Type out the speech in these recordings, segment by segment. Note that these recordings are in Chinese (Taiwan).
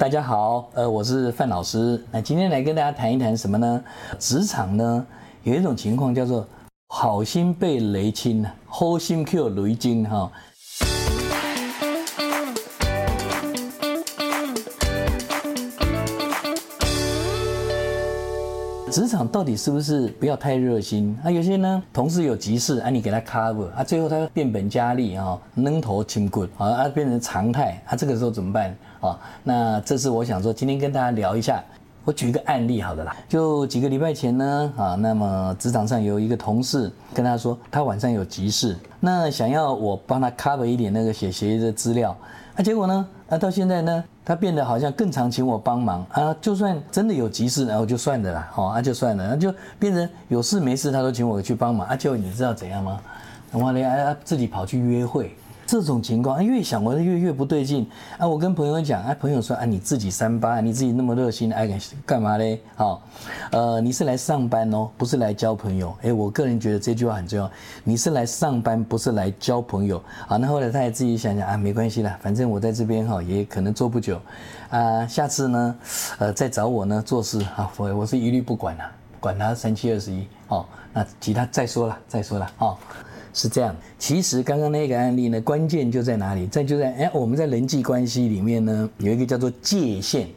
大家好，呃，我是范老師。那今天來跟大家談一談什麼呢？職場呢，有一種情況叫做好心被雷親啊，好心卻雷親哈。職場到底是不是不要太熱心？啊，有些呢，同事有急事，啊你給他 cover，啊，最後他變本加厲啊，扔頭青棍，好啊變成常態，啊，這個時候怎麼辦？啊，那這是我想說，今天跟大家聊一下。我舉一個案例，好的啦，就幾個禮拜前呢，啊，那麼職場上有一個同事跟他說，他晚上有急事，那想要我幫他 cover 一點那個寫協議的資料。啊，那結果呢，啊，到現在呢，他變得好像更常請我幫忙啊，就算真的有急事，然後就算的啦，好，啊，就算了，那、啊、就、就變成有事沒事，他都請我去幫忙。啊，就你知道怎樣嗎？我連啊，自己跑去約會，這種情況，越想我越越不對勁啊！我跟朋友講，啊、朋友說、啊，你自己三八，你自己那麼熱心，哎、啊，幹嘛呢？好、哦，呃，你是來上班哦，不是來交朋友誒。我個人覺得這句話很重要，你是來上班，不是來交朋友。好，那後來他也自己想想，啊，沒關係了，反正我在這邊哈、哦，也可能做不久，啊，下次呢，呃，再找我呢做事，我我是一律不管了、啊，管他三七二十一，哦，那其他再說了，再說了，哦。是這樣，其實剛剛那個案例呢，關鍵就在哪裡？在就在誒，我們在人際關係裡面呢，有一個叫做界限。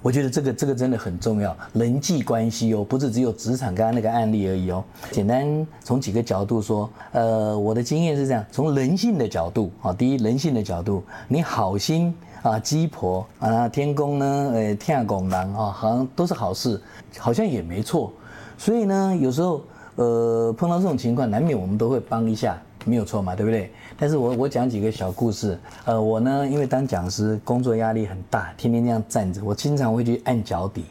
我覺得這個這個真的很重要。人際關係哦，不是只有職場剛剛那個案例而已哦。簡單從幾個角度說，呃，我的經驗是這樣：從人性的角度啊，第一，人性的角度，你好心啊，雞婆啊，天公呢，呃，疼憨人啊，好像都是好事，好像也沒錯。所以呢，有時候。呃，碰到這種情況，難免我們都會幫一下，沒有錯嘛，對不對？但是我我講幾個小故事。呃，我呢，因為當講師，工作壓力很大，天天這樣站着，我經常會去按腳底。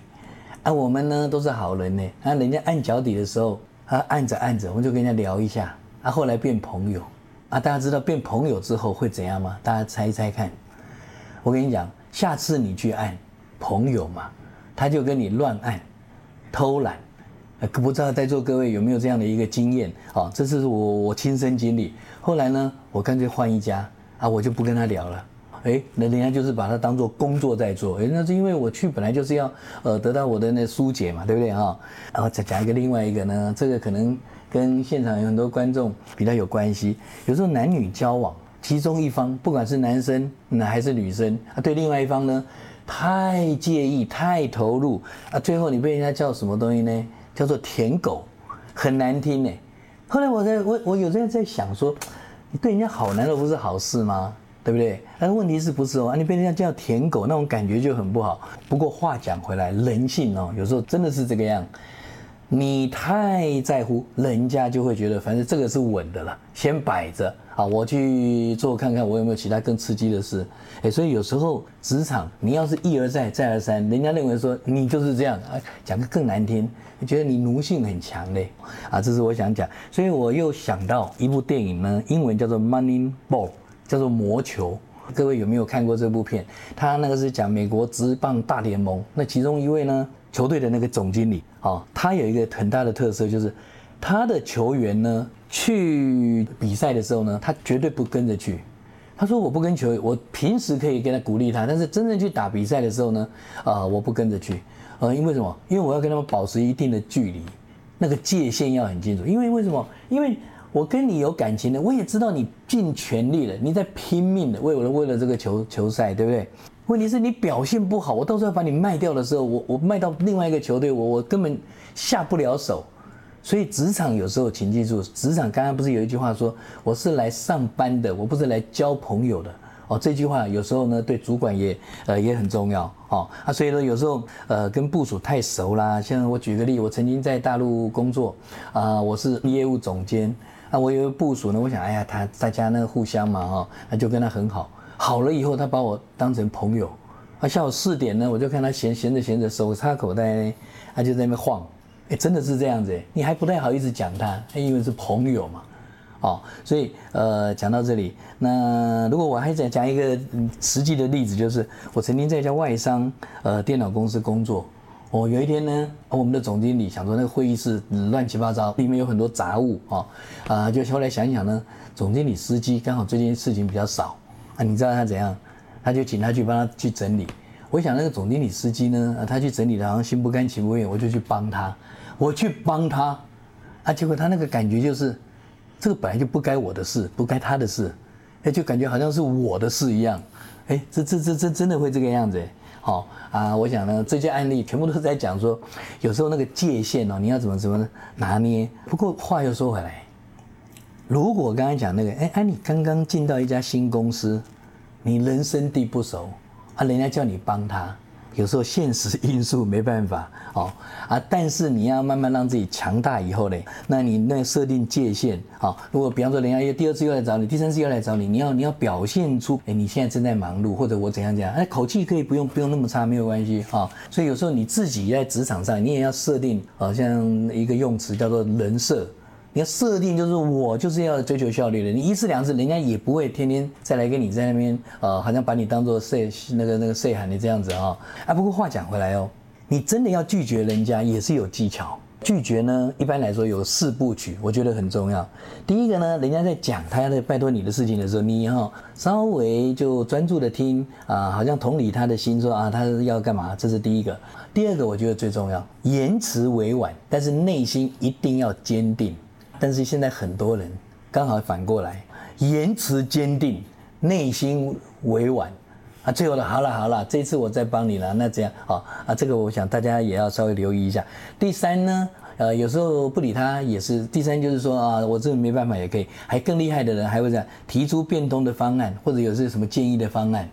啊，我們呢都是好人呢。啊，人家按腳底的時候，他、啊、按着按着，我們就跟人家聊一下。啊，後來變朋友。啊，大家知道變朋友之後會怎樣嗎？大家猜一猜看。我跟你講，下次你去按朋友嘛，他就跟你亂按，偷懶。不知道在座各位有沒有這樣的一個經驗？好、哦，這是我我親身經歷。後來呢，我乾脆換一家啊，我就不跟他聊了。哎、欸，那人家就是把它當做工作在做。哎、欸，那是因為我去本來就是要呃得到我的那疏解嘛，對不對啊、哦？然後再講一個另外一個呢，這個可能跟現場有很多觀眾比較有關係。有時候男女交往，其中一方不管是男生、嗯、還是女生啊，對另外一方呢太介意、太投入啊，最後你被人家叫什麼東西呢？叫做舔狗，很難聽耶。後來我在我我有時候在想說，你對人家好難道不是好事嗎？對不對？但是問題是不是哦？你被人家叫舔狗，那種感覺就很不好。不過話講回來，人性哦，有時候真的是這個樣。你太在乎，人家就會覺得反正這個是穩的了，先擺着。好，我去做看看，我有沒有其他更刺激的事。欸，所以有時候職場，你要是一而再、再而三，人家認為說你就是這樣。哎，講個更難聽，覺得你奴性很強嘞。啊，這是我想講。所以我又想到一部電影呢，英文叫做《Money Ball》，叫做《魔球》。各位有沒有看過這部片？它那個是講美國職棒大聯盟。那其中一位呢，球隊的那個總經理，啊、哦，他有一個很大的特色就是。他的球員呢，去比賽的時候呢，他絕對不跟着去。他說：“我不跟球員，我平時可以跟他鼓勵他，但是真正去打比賽的時候呢，啊、呃，我不跟着去。呃，因為什麼？因為我要跟他們保持一定的距離，那個界限要很清楚。因為為什麼？因為我跟你有感情的，我也知道你盡全力了，你在拼命的為我的為了這個球球賽，對不對？問題是你表現不好，我到時候要把你賣掉的時候，我我賣到另外一個球隊，我我根本下不了手。”所以職場有時候，請記住，職場剛剛不是有一句話說，我是來上班的，我不是來交朋友的。哦，這句話有時候呢，對主管也，呃，也很重要。哦，啊，所以說有時候，呃，跟部屬太熟啦。像我舉個例，我曾經在大陸工作，啊、呃，我是業務總監，啊，我有個部屬呢，我想，哎呀，他大家呢互相嘛，哦，那、啊、就跟他很好。好了以後，他把我當成朋友。啊，下午四點呢，我就看他閒閒着閒着，手插口袋，他、啊、就在那邊晃。哎，真的是這樣子哎，你還不太好意思講他，因為是朋友嘛，哦，所以呃，講到這裡，那如果我還想講一個實際的例子，就是我曾經在一家外商呃電腦公司工作，哦，有一天呢，我們的總經理想說那個會議室亂七八糟，裡面有很多雜物啊，啊、哦呃，就後來想一想呢，總經理司機剛好最近事情比較少，啊，你知道他怎樣？他就請他去幫他去整理。我想那個總經理司機呢，啊、他去整理的，好像心不甘情不願，我就去幫他，我去幫他，啊，結果他那個感覺就是，這個本來就不該我的事，不該他的事，哎、欸，就感覺好像是我的事一樣，哎、欸，這這這這真的會這個樣子，好、哦、啊，我想呢，這些案例全部都是在講說，有時候那個界限哦，你要怎麼怎麼拿捏。不過話又說回來，如果剛剛講那個，哎、欸、哎，啊、你剛剛進到一家新公司，你人生地不熟。啊，人家叫你幫他，有時候現實因素沒辦法，哦，啊，但是你要慢慢讓自己強大以後呢，那你那設定界限，好、哦，如果比方說人家第二次又來找你，第三次又來找你，你要你要表現出，哎，你現在正在忙碌，或者我怎樣怎樣，哎，口氣可以不用不用那麼差，沒有關係啊、哦。所以有時候你自己在職場上，你也要設定，好、哦、像一個用詞叫做人設。你要設定，就是我就是要追求效率的，你一次兩次人家也不會天天再來跟你在那邊呃，好像把你當做塞那個那個塞喊你這樣子、哦、啊。不過話講回來哦，你真的要拒絕人家也是有技巧。拒絕呢，一般來說有四部曲，我覺得很重要。第一個呢，人家在講他要拜托你的事情的時候，你以、哦、後稍微就專注的聽啊，好像同理他的心說，說啊，他要幹嘛？這是第一個。第二個，我覺得最重要，言辭委婉，但是內心一定要堅定。但是現在很多人剛好反過來，言辭堅定，內心委婉，啊，最後了，好了好了，這次我再幫你了，那這樣好啊，這個我想大家也要稍微留意一下。第三呢，呃，有時候不理他也是。第三就是說啊，我真的沒辦法也可以。還更厲害的人還會這樣提出變通的方案，或者有些什麼建議的方案，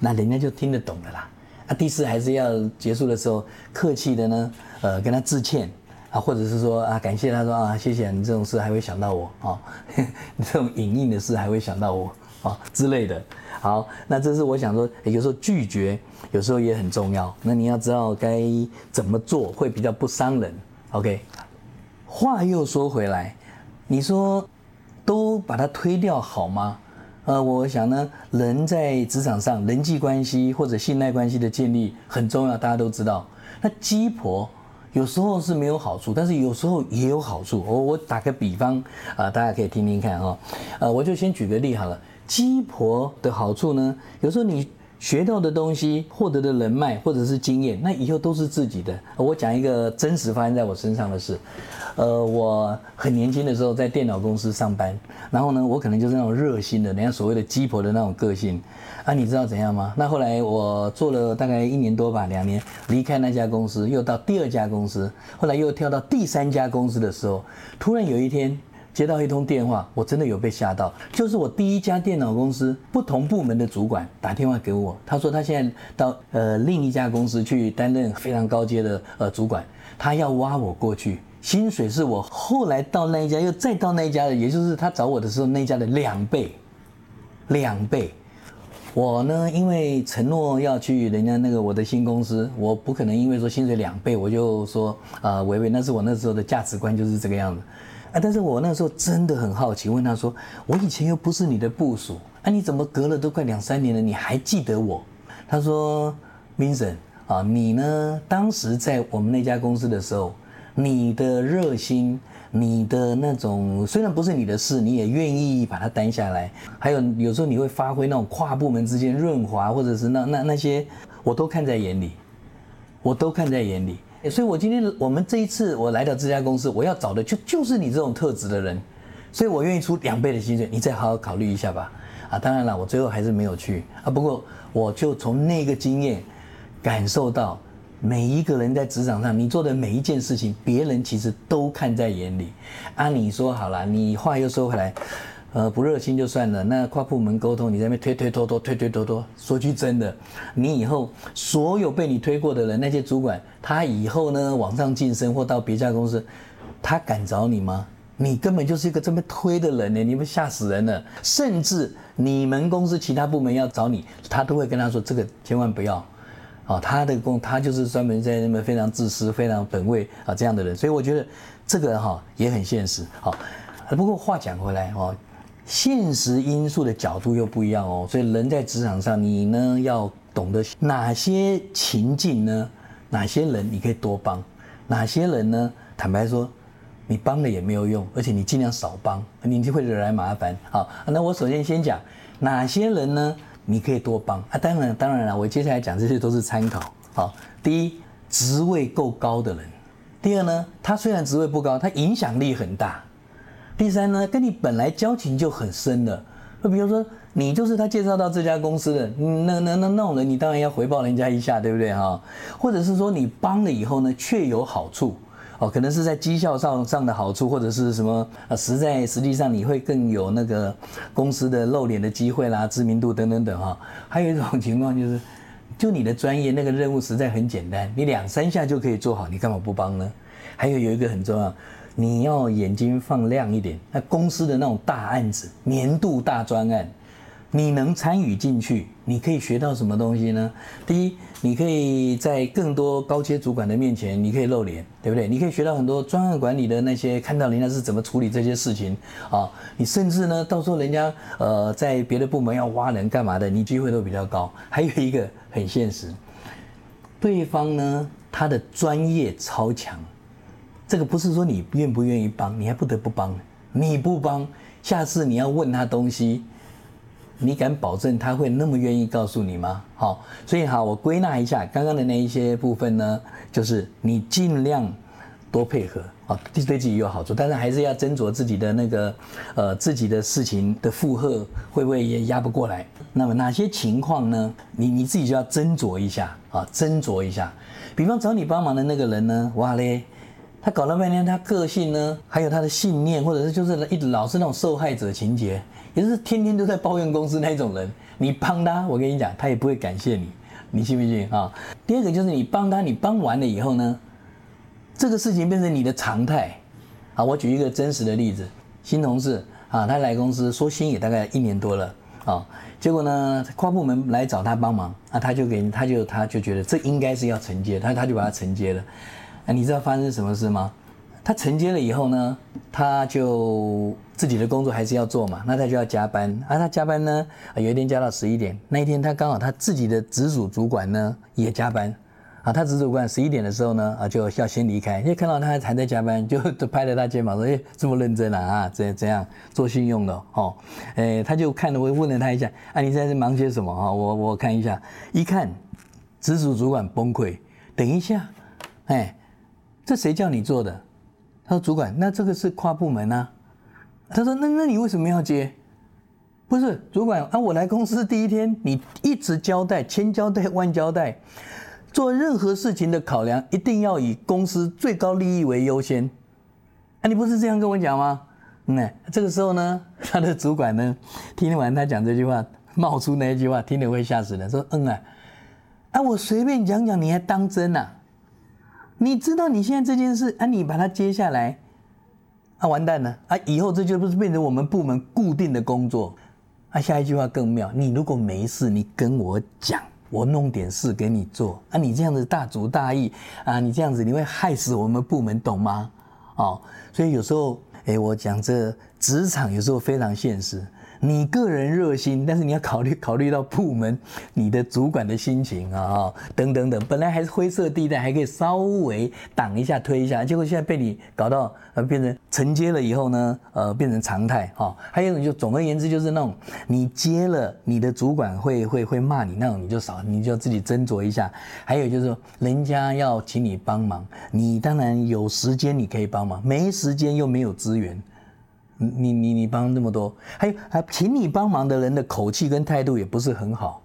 那人家就聽得懂了啦。啊，第四還是要結束的時候客氣的呢，呃，跟他致歉。啊，或者是說啊，感謝他說啊，謝謝、啊、你這種事還會想到我啊、哦，你這種影印的事還會想到我啊、哦、之類的。好，那這是我想說，也就是說拒絕有時候也很重要。那你要知道該怎麼做會比較不傷人。OK，話又說回來，你說都把它推掉好嗎？呃，我想呢，人在職場上人際關係或者信賴關係的建立很重要，大家都知道。那雞婆。有時候是沒有好處，但是有時候也有好處。我、oh, 我打個比方啊、呃，大家可以聽聽看哈、哦。呃，我就先舉個例好了。雞婆的好處呢，有時候你學到的東西、獲得的人脈或者是經驗，那以後都是自己的。呃、我講一個真實發生在我身上的事。呃，我很年輕的時候在電腦公司上班，然後呢，我可能就是那種熱心的，人家所謂的雞婆的那種個性。那、啊、你知道怎樣嗎？那後來我做了大概一年多吧，兩年離開那家公司，又到第二家公司，後來又跳到第三家公司的時候，突然有一天接到一通電話，我真的有被嚇到。就是我第一家電腦公司不同部門的主管打電話給我，他說他現在到呃另一家公司去擔任非常高階的呃主管，他要挖我過去，薪水是我後來到那一家又再到那一家的，也就是他找我的時候那一家的兩倍，兩倍。我呢，因為承諾要去人家那個我的新公司，我不可能因為說薪水兩倍，我就說啊，偉、呃、偉。那是我那時候的價值觀就是這個樣子。啊，但是我那時候真的很好奇，問他說，我以前又不是你的部屬，啊，你怎麼隔了都快兩三年了，你還記得我？他說，Vincent 啊，你呢，當時在我們那家公司的時候，你的熱心。你的那種雖然不是你的事，你也願意把它擔下來。還有有時候你會發揮那種跨部門之間潤滑，或者是那那那些，我都看在眼裡，我都看在眼裡。所以我今天我們這一次我來到這家公司，我要找的就就是你這種特質的人。所以我願意出兩倍的薪水，你再好好考慮一下吧。啊，當然了，我最後還是沒有去啊。不過我就從那個經驗感受到。每一個人在職場上，你做的每一件事情，別人其實都看在眼裡。按理說好了，你話又說回來，呃，不熱心就算了。那跨部門溝通，你在那邊推推拖拖，推推拖拖。說句真的，你以後所有被你推過的人，那些主管，他以後呢，往上晉升或到別家公司，他敢找你嗎？你根本就是一個這麼推的人呢，你不嚇死人了？甚至你們公司其他部門要找你，他都會跟他說：“這個千萬不要。”哦，他的工他就是專門在那邊，非常自私、非常本位啊這樣的人，所以我覺得這個哈也很現實。好，不過話講回來哦，現實因素的角度又不一樣哦，所以人在職場上，你呢要懂得哪些情境呢？哪些人你可以多幫？哪些人呢？坦白說，你幫了也沒有用，而且你儘量少幫，你就會惹來麻煩。好，那我首先先講哪些人呢？你可以多幫啊，當然當然了，我接下來講這些都是參考。好，第一，職位夠高的人；第二呢，他雖然職位不高，他影響力很大；第三呢，跟你本來交情就很深的，就比如說你就是他介紹到這家公司的，那那那那那種人，你當然要回報人家一下，對不對哈？或者是說你幫了以後呢，確有好處。哦，可能是在績效上上的好處，或者是什麼？呃，實在實際上你會更有那個公司的露臉的機會啦、知名度等等等哈。還有一種情況就是，就你的專業那個任務實在很簡單，你兩三下就可以做好，你幹嘛不幫呢？還有有一個很重要，你要眼睛放亮一點，那公司的那種大案子、年度大專案。你能參與進去，你可以學到什麼東西呢？第一，你可以在更多高階主管的面前，你可以露臉，對不對？你可以學到很多專案管理的那些，看到人家是怎麼處理這些事情啊。你甚至呢，到時候人家呃在別的部門要挖人幹嘛的，你機會都比較高。還有一個很現實，對方呢他的專業超強，這個不是說你願不願意幫，你還不得不幫。你不幫，下次你要問他東西。你敢保證他會那麼願意告訴你嗎？好，所以好，我歸納一下剛剛的那一些部分呢，就是你儘量多配合啊，對、哦、對自己有好處，但是還是要斟酌自己的那個呃自己的事情的負荷會不會也壓不過來？那麼哪些情況呢？你你自己就要斟酌一下啊、哦，斟酌一下，比方找你幫忙的那個人呢，哇嘞。他搞了半天，他個性呢，還有他的信念，或者是就是一直老是那種受害者情結，也就是天天都在抱怨公司那種人。你幫他，我跟你講，他也不會感謝你，你信不信啊、哦？第二個就是你幫他，你幫完了以後呢，這個事情變成你的常態。啊，我舉一個真實的例子，新同事啊，他來公司說新也大概一年多了啊、哦，結果呢，跨部門來找他幫忙，那、啊、他就給他就他就覺得這應該是要承接，他他就把它承接了。啊、你知道發生什麼事嗎？他承接了以後呢，他就自己的工作還是要做嘛，那他就要加班啊。他加班呢，有一天加到十一點。那一天他剛好他自己的直屬主管呢也加班啊。他直屬主管十一點的時候呢啊，就要先離開。因為看到他還在加班，就拍了他肩膀說：“哎、欸，這麼認真啊啊，怎樣做信用的哦？”哎、欸，他就看了，我問了他一下：“啊，你現在在忙些什麼啊？”我我看一下，一看直屬主管崩潰，等一下，哎、欸。這誰叫你做的？他說：“主管，那這個是跨部門啊。”他說：“那那你為什麼要接？不是主管啊！我來公司第一天，你一直交代，千交代萬交代，做任何事情的考量一定要以公司最高利益為優先。啊，你不是這樣跟我講嗎？那、嗯、這個時候呢，他的主管呢，聽完他講這句話，冒出那一句話，聽得會嚇死的。說：嗯啊，啊我隨便講講，你還當真啊？”你知道你現在這件事啊，你把它接下來，啊完蛋了啊！以後這就不是變成我們部門固定的工作，啊，下一句話更妙，你如果沒事，你跟我講，我弄點事給你做，啊，你這樣子大主大意啊，你這樣子你會害死我們部門，懂嗎？哦，所以有時候，哎，我講這職場有時候非常現實。你個人熱心，但是你要考慮考慮到部門，你的主管的心情啊，哦，等等等。本來還是灰色地帶，還可以稍微擋一下，推一下，結果現在被你搞到呃變成承接了以後呢，呃變成常態。哈，哦，還有一種就總而言之就是那種你接了，你的主管會會會罵你那種你就少，你就要自己斟酌，一下。還有就是說人家要請你幫忙，你當然有時間你可以幫忙，沒時間又沒有資源。你你你你幫那麼多，還有啊，請你幫忙的人的口氣跟態度也不是很好，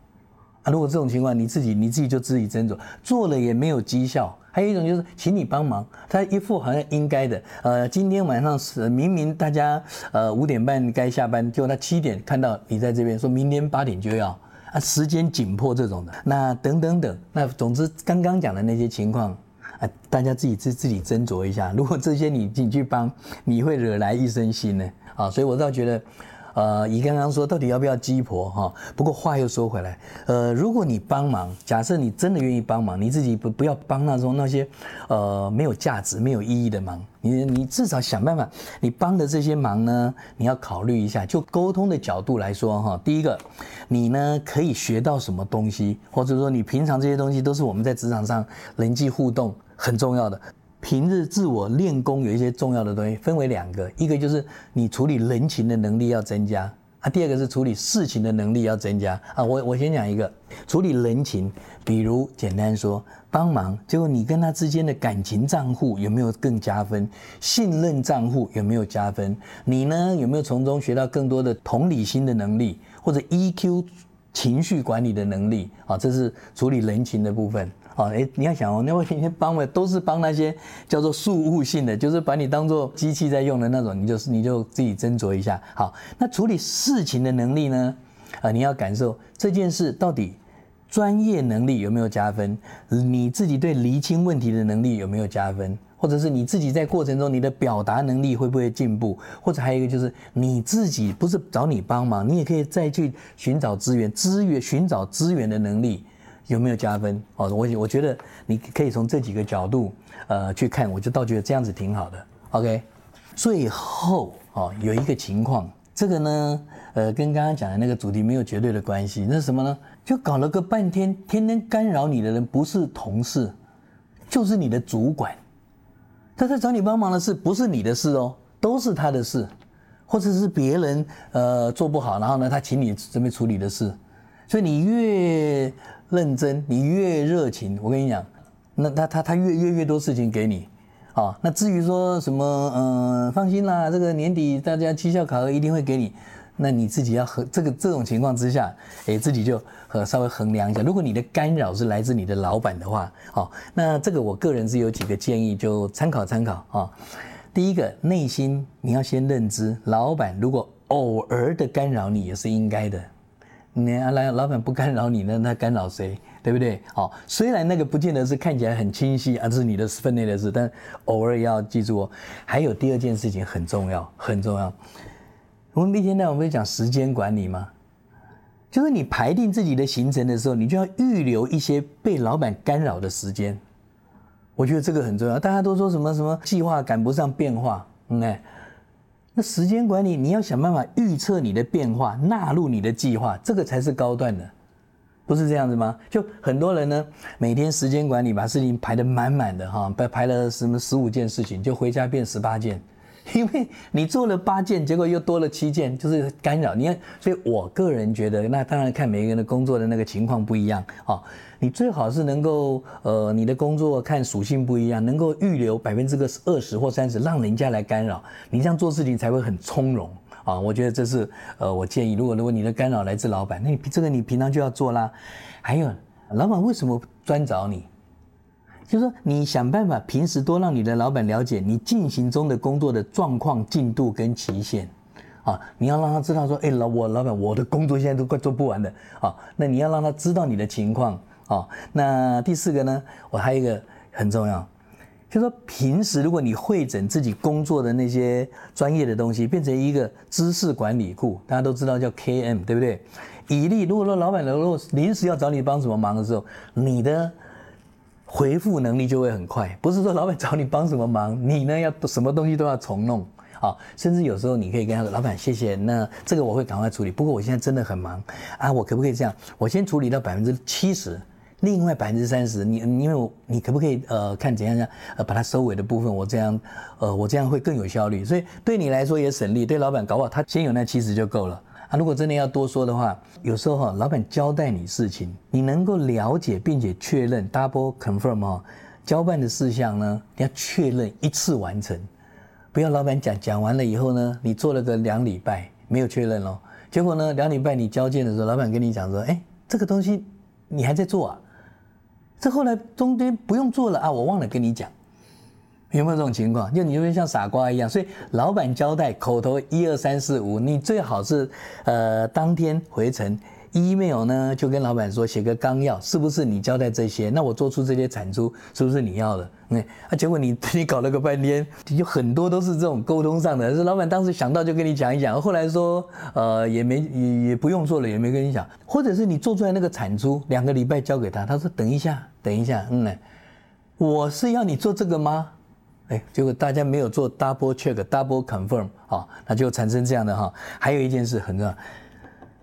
啊，如果這種情況，你自己你自己就自己斟酌，做了也沒有績效。還有一種就是請你幫忙，他一副好像應該的，呃，今天晚上是明明大家呃五點半該下班，結果他七點看到你在這邊，說明天八點就要啊，時間緊迫這種的，那等等等，那總之剛剛講的那些情況。大家自己自己自己斟酌一下，如果這些你你去幫，你會惹來一身腥呢啊！所以，我倒覺得，呃，你剛剛說，到底要不要雞婆哈、哦？不過話又說回來，呃，如果你幫忙，假設你真的願意幫忙，你自己不不要幫那種那些呃沒有價值、沒有意義的忙。你你至少想辦法，你幫的這些忙呢，你要考慮一下。就溝通的角度來說哈、哦，第一個，你呢可以學到什麼東西，或者說你平常這些東西都是我們在職場上人際互動，很重要的平日自我練功，有一些重要的東西，分為兩個，一個就是你處理人情的能力要增加啊，第二個是處理事情的能力要增加啊。我我先講一個處理人情，比如簡單說幫忙，結果你跟他之間的感情賬戶有沒有更加分？信任賬戶有沒有加分？你呢有沒有從中學到更多的同理心的能力或者 EQ 情緒管理的能力啊？這是處理人情的部分。哦，哎、欸，你要想哦，那，那我今天幫的都是幫那些叫做事務性的，就是把你當做機器在用的那種，你就是你就自己斟酌一下。好，那處理事情的能力呢？啊、呃，你要感受這件事到底專業能力有沒有加分？你自己對釐清問題的能力有沒有加分？或者是你自己在過程中你的表達能力會不會進步？或者還有一個就是你自己不是找你幫忙，你也可以再去尋找資源，資源尋找資源的能力。有沒有加分？哦，我我覺得你可以從這幾個角度，呃，去看，我就倒覺得這樣子挺好的。OK，最後哦，有一個情況，這個呢，呃，跟剛剛講的那個主題沒有絕對的關係。那是什麼呢？就搞了個半天，天天干擾你的人，不是同事，就是你的主管。他在找你幫忙的事，不是你的事哦，都是他的事，或者是別人呃做不好，然後呢，他請你準備處理的事。所以你越。認真，你越熱情，我跟你講，那他他他越越越多事情給你。啊、哦，那至於說什麼，嗯、呃，放心啦，這個年底大家績效考核一定會給你，那你自己要和這個這種情況之下，哎、欸，自己就和、呃、稍微衡量一下，如果你的干擾是來自你的老板的話，好、哦，那這個我個人是有幾個建議，就參考參考啊、哦。第一個，內心你要先認知，老板如果偶爾的干擾你也是應該的。你來老板不干擾你呢，那干擾誰？對不對？好，雖然那個不見得是看起來很清晰啊，這是你的分內的事，但偶爾要記住哦。還有第二件事情很重要，很重要。我們那天呢，我們講時間管理嘛，就是你排定自己的行程的時候，你就要預留一些被老板干擾的時間。我覺得這個很重要。大家都說什麼什麼計劃趕不上變化，哎，okay？那時間管理，你要想辦法預測你的變化，納入你的計劃，這個才是高端的，不是這樣子嗎？就很多人呢，每天時間管理把事情排得滿滿的哈，排，排了什麼十五件事情，就回家變十八件。因為你做了八件，結果又多了七件，就是干擾。你看，所以我個人覺得，那當然看每個人的工作的那個情況不一樣啊、哦。你最好是能夠，呃，你的工作看屬性不一樣，能夠預留百分之個二十或三十，讓人家來干擾你，這樣做事情才會很從容啊、哦。我覺得這是，呃，我建議，如果如果你的干擾來自老板，那你這個你平常就要做啦。還有，老板為什麼專找你？就是說你想辦法，平時多讓你的老闆了解你進行中的工作的狀況、進度跟期限，啊，你要讓他知道說，哎，老我老闆，我的工作現在都快做不完的，啊，那你要讓他知道你的情況，啊，那第四個呢，我還有一個很重要，就是說平時如果你彙整自己工作的那些專業的東西，變成一個知識管理庫，大家都知道叫 KM，對不對？以利，如果說老闆如果臨時要找你幫什麼忙的時候，你的回復能力就會很快，不是說老板找你幫什麼忙，你呢要什麼東西都要重弄啊，哦，甚至有時候你可以跟他說，老板謝謝，那這個我會趕快處理，不過我現在真的很忙啊，我可不可以這樣，我先處理到百分之七十，另外百分之三十，你因為你可不可以呃看怎樣樣呃把它收尾的部分，我這樣呃我這樣會更有效率，所以對你來說也省力，對老板搞不好他先有那七十就夠了。啊，如果真的要多說的話，有時候哈，哦，老闆交代你事情，你能夠了解並且確認 double confirm 哦，交辦的事項呢，你要確認一次完成，不要老闆講講完了以後呢，你做了個兩禮拜沒有確認哦，結果呢兩禮拜你交件的時候，老板跟你講說，哎，這個東西你還在做啊，這後來中間不用做了啊，我忘了跟你講。有沒有這種情況？就你有沒有像傻瓜一樣？所以老板交代口頭一二三四五，你最好是呃當天回程 email 呢，就跟老板說，寫個綱要，是不是你交代這些？那我做出這些產出，是不是你要的？嗯，啊，結果你你搞了個半天，就很多都是這種溝通上的。是老板當時想到就跟你講一講，後來說呃也沒也也不用做了，也沒跟你講，或者是你做出來那個產出，兩個禮拜交給他，他說等一下等一下，嗯呢，我是要你做這個嗎？結果大家沒有做 double check double confirm 哈、哦，那就產生這樣的哈、哦。還有一件事很重要，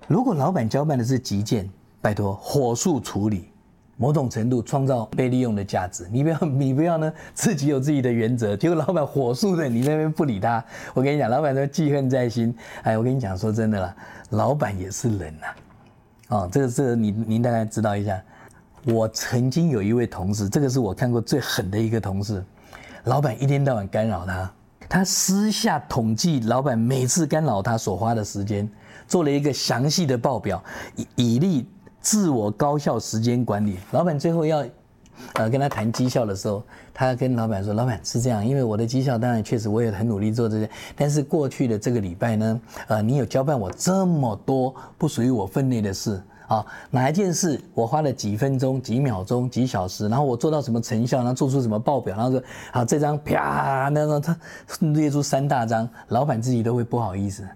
如果老闆交辦的是急件，拜託火速處理，某種程度創造被利用的價值。你不要你不要呢，自己有自己的原則。結果老闆火速的，你那邊不理他，我跟你講，老闆都記恨在心。哎，我跟你講，說真的啦，老闆也是人吶、啊。哦，這個是、這個、你您大概知道一下，我曾經有一位同事，這個是我看過最狠的一個同事。老闆一天到晚干擾他，他私下統計老闆每次干擾他所花的時間，做了一個詳細的報表，以以利自我高效時間管理。老闆最後要，呃，跟他談績效的時候，他跟老闆說：“老闆是這樣，因為我的績效當然確實我也很努力做這些，但是過去的這個禮拜呢，呃，你有交辦我這麼多不屬於我分內的事。”啊，哪一件事我花了幾分鐘、幾秒鐘、幾小時，然後我做到什麼成效，然後做出什麼報表，然後說，好，這張啪，那那他列出三大張，老板自己都會不好意思。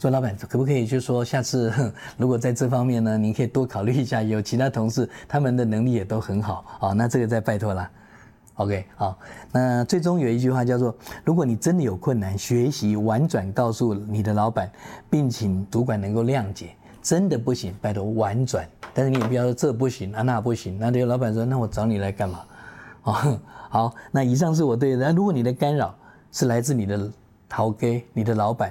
說老板可不可以去說下次如果在這方面呢，您可以多考慮一下，有其他同事他們的能力也都很好，好，那這個再拜托啦。OK，好，那最終有一句話叫做，如果你真的有困難，學習婉轉告訴你的老板，並請主管能夠諒解。真的不行，拜託婉轉。但是你也不要說這不行，啊那不行。那個老闆說，那我找你來幹嘛？哦，好。那以上是我對的，那如果你的干擾是來自你的陶哥、你的老闆，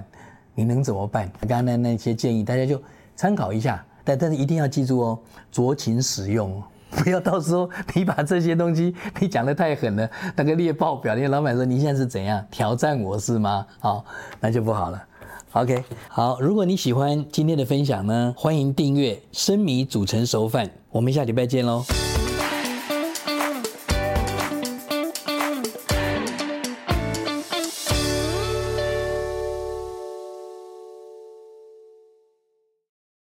你能怎麼辦？剛剛的那，那些建議大家就參考一下，但但是一定要記住哦，酌情使用，哦，不要到時候你把這些東西你講得太狠了，那個列報表，那個老闆說，你現在是怎樣挑戰我是嗎？好，那就不好了。OK，好，如果你喜歡今天的分享呢，歡迎訂閱。生米煮成熟飯，我們下禮拜見嘍。